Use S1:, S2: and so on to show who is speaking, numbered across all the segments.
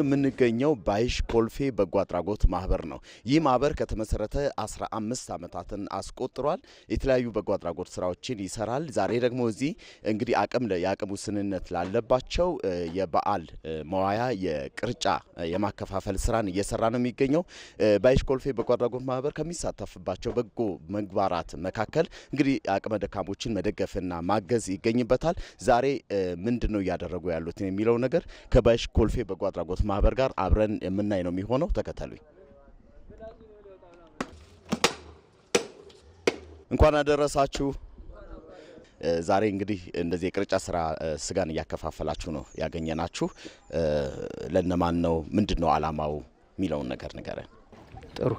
S1: የምንገኘው ባይሽ ኮልፌ በጎ አድራጎት ማህበር ነው። ይህ ማህበር ከተመሰረተ 15 ዓመታትን አስቆጥሯል። የተለያዩ በጎ አድራጎት ስራዎችን ይሰራል። ዛሬ ደግሞ እዚህ እንግዲህ አቅም የአቅም ውስንነት ላለባቸው የበዓል መዋያ የቅርጫ የማከፋፈል ስራን እየሰራ ነው የሚገኘው። ባይሽ ኮልፌ በጎ አድራጎት ማህበር ከሚሳተፍባቸው በጎ ምግባራት መካከል እንግዲህ አቅመ ደካሞችን መደገፍና ማገዝ ይገኝበታል። ዛሬ ምንድን ነው እያደረጉ ያሉት የሚለው ነገር ከባይሽ ኮልፌ በጎ አድራጎት ማህበር ጋር አብረን የምናይ ነው የሚሆነው። ተከተሉኝ። እንኳን አደረሳችሁ። ዛሬ እንግዲህ እንደዚህ የቅርጫ ስራ ስጋን እያከፋፈላችሁ ነው ያገኘናችሁ። ለነማን ነው? ምንድን ነው አላማው የሚለውን ነገር ንገረን።
S2: ጥሩ።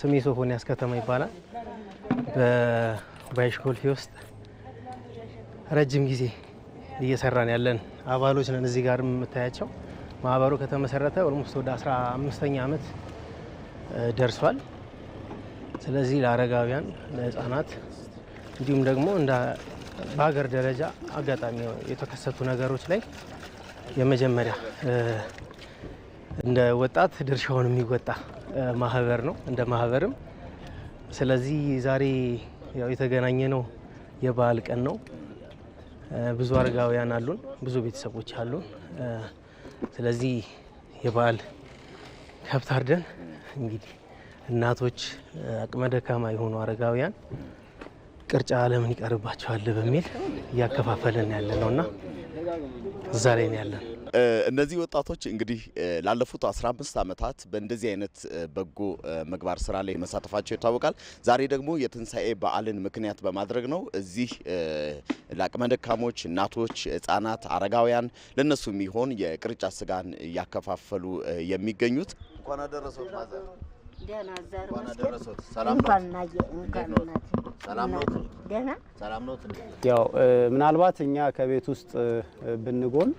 S2: ስሜ ሶፎንያስ ከተማ ይባላል። በባይሽ ኮልፌ ውስጥ ረጅም ጊዜ እየሰራን ያለን አባሎች ነን። እዚህ ጋር የምታያቸው ማህበሩ ከተመሰረተ ኦልሞስት ወደ 15ኛ ዓመት ደርሷል። ስለዚህ ለአረጋውያን፣ ለህፃናት እንዲሁም ደግሞ እንደ በሀገር ደረጃ አጋጣሚ የተከሰቱ ነገሮች ላይ የመጀመሪያ እንደ ወጣት ድርሻውን የሚወጣ ማህበር ነው እንደ ማህበርም። ስለዚህ ዛሬ ያው የተገናኘ ነው የበዓል ቀን ነው። ብዙ አረጋውያን አሉን፣ ብዙ ቤተሰቦች አሉን። ስለዚህ የበዓል ከብት አርደን እንግዲህ እናቶች፣ አቅመ ደካማ የሆኑ አረጋውያን ቅርጫ ለምን ይቀርባቸዋል በሚል እያከፋፈልን ያለ እና እዛ ላይ ያለን
S1: እነዚህ ወጣቶች እንግዲህ ላለፉት 15 ዓመታት በእንደዚህ አይነት በጎ ምግባር ስራ ላይ መሳተፋቸው ይታወቃል። ዛሬ ደግሞ የትንሣኤ በዓልን ምክንያት በማድረግ ነው እዚህ ለአቅመ ደካሞች፣ እናቶች፣ ህጻናት፣ አረጋውያን ለነሱ የሚሆን የቅርጫት ስጋን እያከፋፈሉ የሚገኙት። እንኳን አደረሰዎት ማዘር።
S2: ያው ምናልባት እኛ ከቤት ውስጥ ብንጎል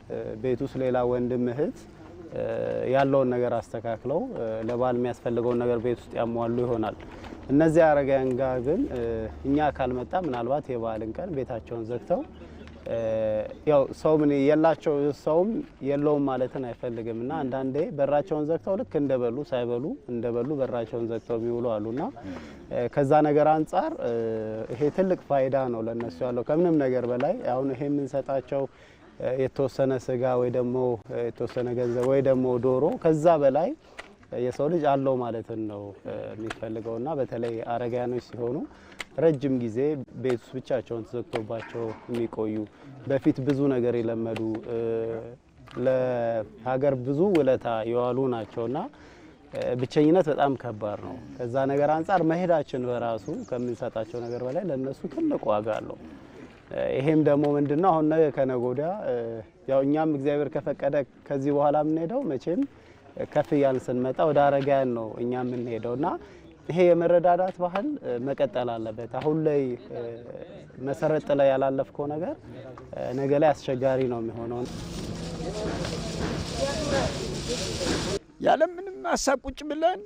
S2: ቤት ውስጥ ሌላ ወንድም እህት ያለውን ነገር አስተካክለው ለባል የሚያስፈልገውን ነገር ቤት ውስጥ ያሟሉ ይሆናል። እነዚህ አረጋውያን ጋር ግን እኛ ካልመጣ ምናልባት የበዓልን ቀን ቤታቸውን ዘግተው ያው ሰው ምን የላቸው ሰውም የለውም ማለትን አይፈልግም እና አንዳንዴ በራቸውን ዘግተው ልክ እንደበሉ ሳይበሉ እንደበሉ በራቸውን ዘግተው የሚውሉ አሉና ከዛ ነገር አንጻር ይሄ ትልቅ ፋይዳ ነው ለነሱ ያለው ከምንም ነገር በላይ አሁን ይሄ የምንሰጣቸው የተወሰነ ስጋ ወይ ደግሞ የተወሰነ ገንዘብ ወይ ደግሞ ዶሮ ከዛ በላይ የሰው ልጅ አለው ማለትን ነው የሚፈልገውና በተለይ አረጋያኖች ሲሆኑ ረጅም ጊዜ ቤት ውስጥ ብቻቸውን ተዘግቶባቸው የሚቆዩ በፊት ብዙ ነገር የለመዱ ለሀገር ብዙ ውለታ የዋሉ ናቸውና ብቸኝነት በጣም ከባድ ነው። ከዛ ነገር አንጻር መሄዳችን በራሱ ከምንሰጣቸው ነገር በላይ ለእነሱ ትልቅ ዋጋ አለው። ይሄም ደግሞ ምንድነው አሁን ነገ ከነጎዳ ያው እኛም እግዚአብሔር ከፈቀደ ከዚህ በኋላ የምንሄደው መቼም ከፍ እያልን ስንመጣ ወደ አረጋያን ነው እኛ የምንሄደው እና ይሄ የመረዳዳት ባህል መቀጠል አለበት። አሁን ላይ መሰረት ጥለ ያላለፍከው ነገር ነገ ላይ አስቸጋሪ ነው የሚሆነው።
S3: ያለምንም ሀሳብ ቁጭ ብለን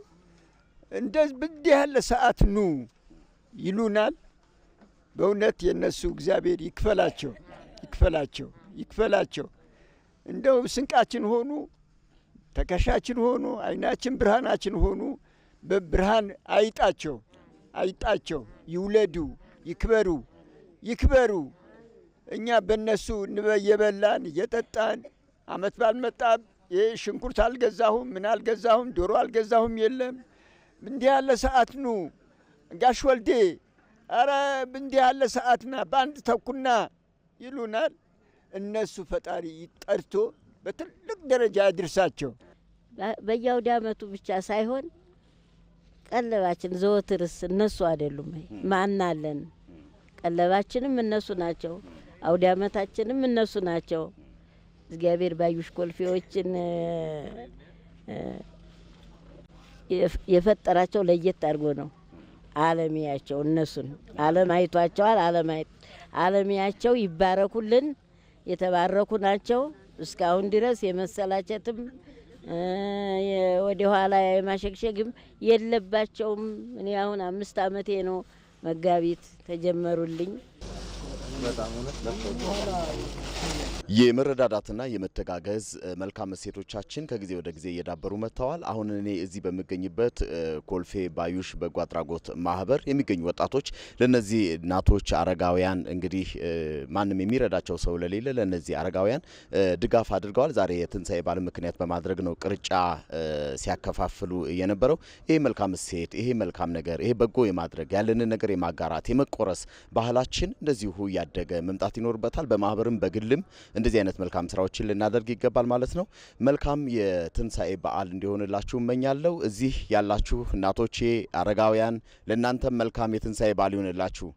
S3: እንደ ብድህ ያለ ሰዓት ኑ ይሉናል። በእውነት የእነሱ እግዚአብሔር ይክፈላቸው፣ ይክፈላቸው፣ ይክፈላቸው። እንደው ስንቃችን ሆኑ፣ ተከሻችን ሆኑ፣ አይናችን ብርሃናችን ሆኑ። በብርሃን አይጣቸው አይጣቸው ይውለዱ ይክበሩ ይክበሩ። እኛ በእነሱ እየበላን እየጠጣን አመት ባልመጣም ሽንኩርት አልገዛሁም ምን አልገዛሁም ዶሮ አልገዛሁም የለም። እንዲህ ያለ ሰዓት ኑ ጋሽ ወልዴ፣ አረ እንዲህ ያለ ሰዓትና በአንድ ተኩና ይሉናል። እነሱ ፈጣሪ ይጠርቶ በትልቅ ደረጃ ያድርሳቸው።
S4: በየአውደ አመቱ ብቻ ሳይሆን ቀለባችን ዘወትርስ እነሱ አይደሉም? አለን? ቀለባችንም እነሱ ናቸው። አውደ ዓመታችንም እነሱ ናቸው። እግዚአብሔር ባዩሽ ኮልፌዎችን የፈጠራቸው ለየት አድርጎ ነው። አለሚያቸው እነሱን አለም አይቷቸዋል። አለሚያቸው ይባረኩልን፣ የተባረኩ ናቸው። እስካሁን ድረስ የመሰላቸትም ወደ ኋላ የማሸግሸግም የለባቸውም። እኔ አሁን አምስት አመቴ ነው መጋቢት ተጀመሩልኝ።
S1: የመረዳዳትና የመተጋገዝ መልካም እሴቶቻችን ከጊዜ ወደ ጊዜ እየዳበሩ መጥተዋል። አሁን እኔ እዚህ በምገኝበት ኮልፌ ባዩሽ በጎ አድራጎት ማህበር የሚገኙ ወጣቶች ለነዚህ እናቶች፣ አረጋውያን እንግዲህ ማንም የሚረዳቸው ሰው ለሌለ ለነዚህ አረጋውያን ድጋፍ አድርገዋል። ዛሬ የትንሳኤ በዓል ምክንያት በማድረግ ነው ቅርጫ ሲያከፋፍሉ የነበረው። ይሄ መልካም እሴት፣ ይሄ መልካም ነገር፣ ይሄ በጎ የማድረግ ያለንን ነገር የማጋራት የመቆረስ ባህላችን እንደዚሁ እያደገ መምጣት ይኖርበታል። በማህበርም በግልም እንደዚህ አይነት መልካም ስራዎችን ልናደርግ ይገባል ማለት ነው። መልካም የትንሳኤ በዓል እንዲሆንላችሁ እመኛለሁ። እዚህ ያላችሁ እናቶቼ፣ አረጋውያን ለእናንተም መልካም የትንሳኤ በዓል ይሆንላችሁ።